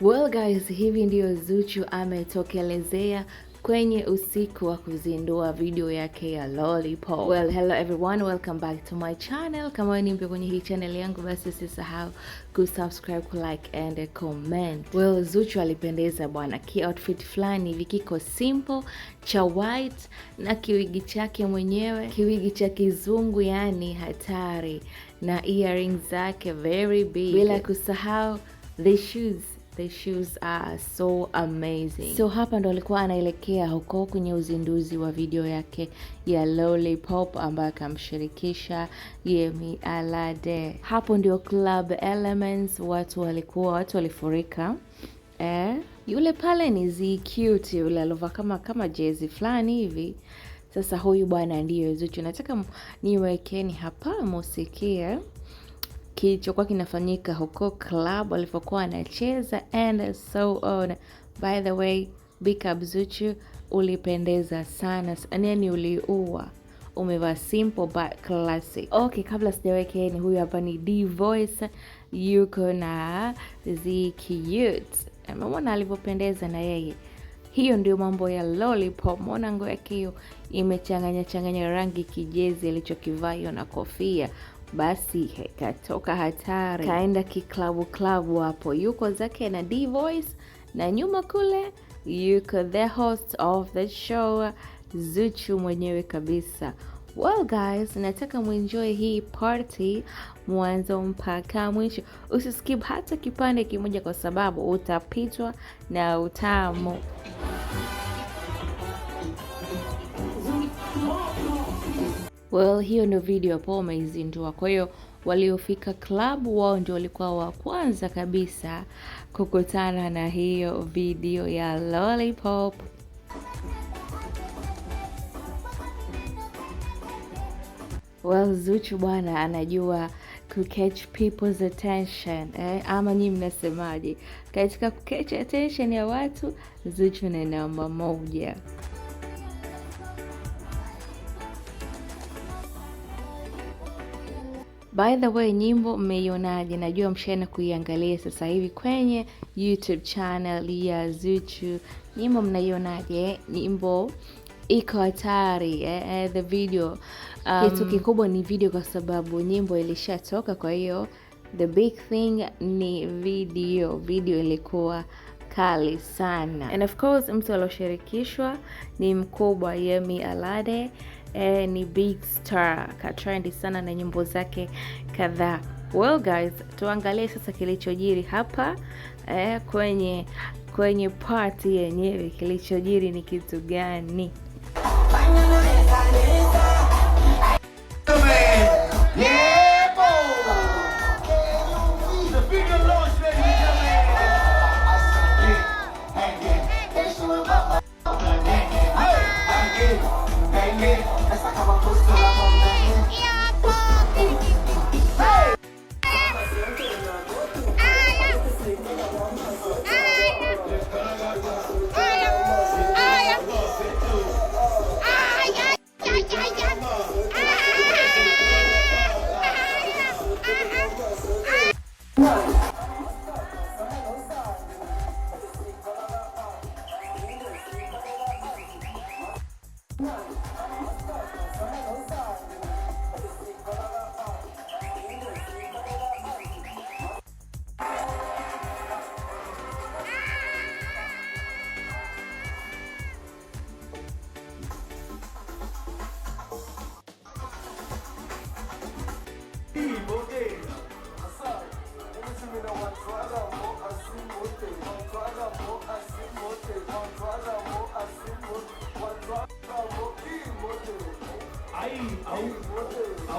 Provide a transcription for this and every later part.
Well guys, hivi ndiyo Zuchu ametokelezea kwenye usiku wa kuzindua video yake ya Lollipop. Well, hello everyone, welcome back to my channel. Kama ni mpya kwenye hii channel yangu, basi usisahau kusubscribe, kulike and comment. Well, Zuchu alipendeza bwana, ki outfit fulani hivi kiko simple cha white na kiwigi chake mwenyewe, kiwigi cha kizungu, yani hatari na earrings zake very big, bila kusahau the shoes. The shoes are so amazing. So hapa ndo alikuwa anaelekea huko kwenye uzinduzi wa video yake ya Lollipop ambayo akamshirikisha Yemi Alade. Hapo ndio Club Elements, watu walikuwa watu walifurika eh. Yule pale ni cute yule alova kama kama jezi fulani hivi sasa huyu bwana ndiyo Zuchu, nataka niwekeni hapa musikie kilichokuwa kinafanyika huko club alivyokuwa anacheza. And so on, by the way, big up Zuchu, ulipendeza sana, yaani uliua umevaa simple but classic. Okay, kabla sijawekeni, huyu hapa ni D Voice yuko na Zee Cute. Amemwona alivyopendeza na yeye hiyo ndio mambo ya lollipop. Mwona nguo yake hiyo imechanganya changanya rangi, kijezi alichokivaa hiyo na kofia basi katoka hatari, kaenda kiklabu klabu hapo, yuko zake na D Voice, na nyuma kule yuko the host of the show Zuchu mwenyewe kabisa. Well guys, nataka mwenjoy hii party mwanzo mpaka mwisho, usiskip hata kipande kimoja, kwa sababu utapitwa na utamu. Well, hiyo ndio video hapo wameizindua. Kwa hiyo waliofika klabu wao ndio walikuwa wa kwanza kabisa kukutana na hiyo video ya Lollipop. Well, Zuchu bwana anajua ku catch people's attention eh, ama nyinyi mnasemaje? Katika ku catch attention ya watu Zuchu ni namba moja. By the way, nyimbo mmeionaje? Najua mshaenda kuiangalia sasa hivi kwenye YouTube channel ya Zuchu. Nyimbo mnaionaje? Nyimbo iko hatari eh, eh the video um, kitu kikubwa ni video, kwa sababu nyimbo ilishatoka. Kwa hiyo the big thing ni video. Video ilikuwa kali sana, and of course mtu alioshirikishwa ni mkubwa Yemi Alade eh, ni Big Star katrendi sana na nyimbo zake kadhaa. Well guys, tuangalie sasa kilichojiri hapa eh, kwenye kwenye party yenyewe, kilichojiri ni kitu gani?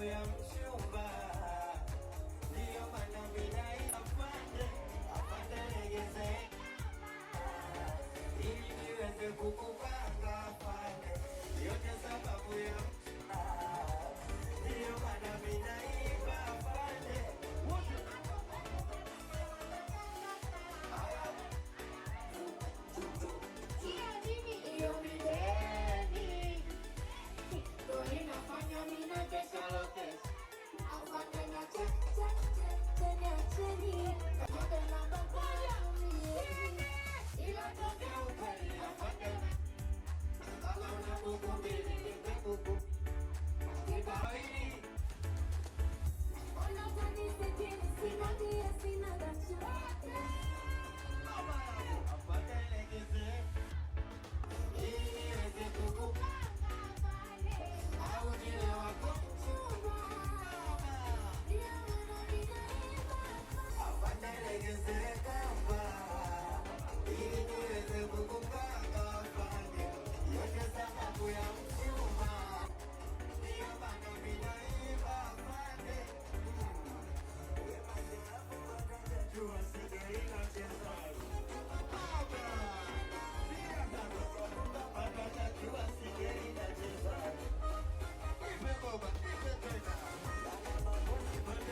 juu yote sababu ya ndiyo maana bidai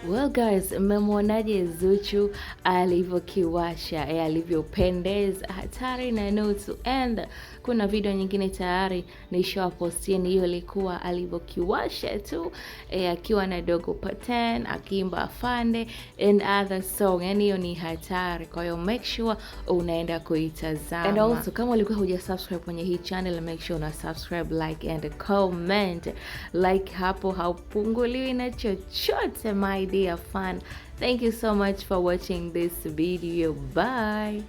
Well guys, mmemwonaje Zuchu alivyokiwasha, eh, alivyopendeza hatari na no to end. Kuna video nyingine tayari nishawapostieni, hiyo ilikuwa alivyokiwasha tu eh, akiwa na Dogo Paten akiimba afande and other song, yani hiyo ni hatari. Kwa hiyo make sure unaenda kuitazama, and also kama ulikuwa huja subscribe kwenye hii channel, make sure una subscribe, like and comment. Like hapo haupunguliwi na chochote my of fun thank you so much for watching this video bye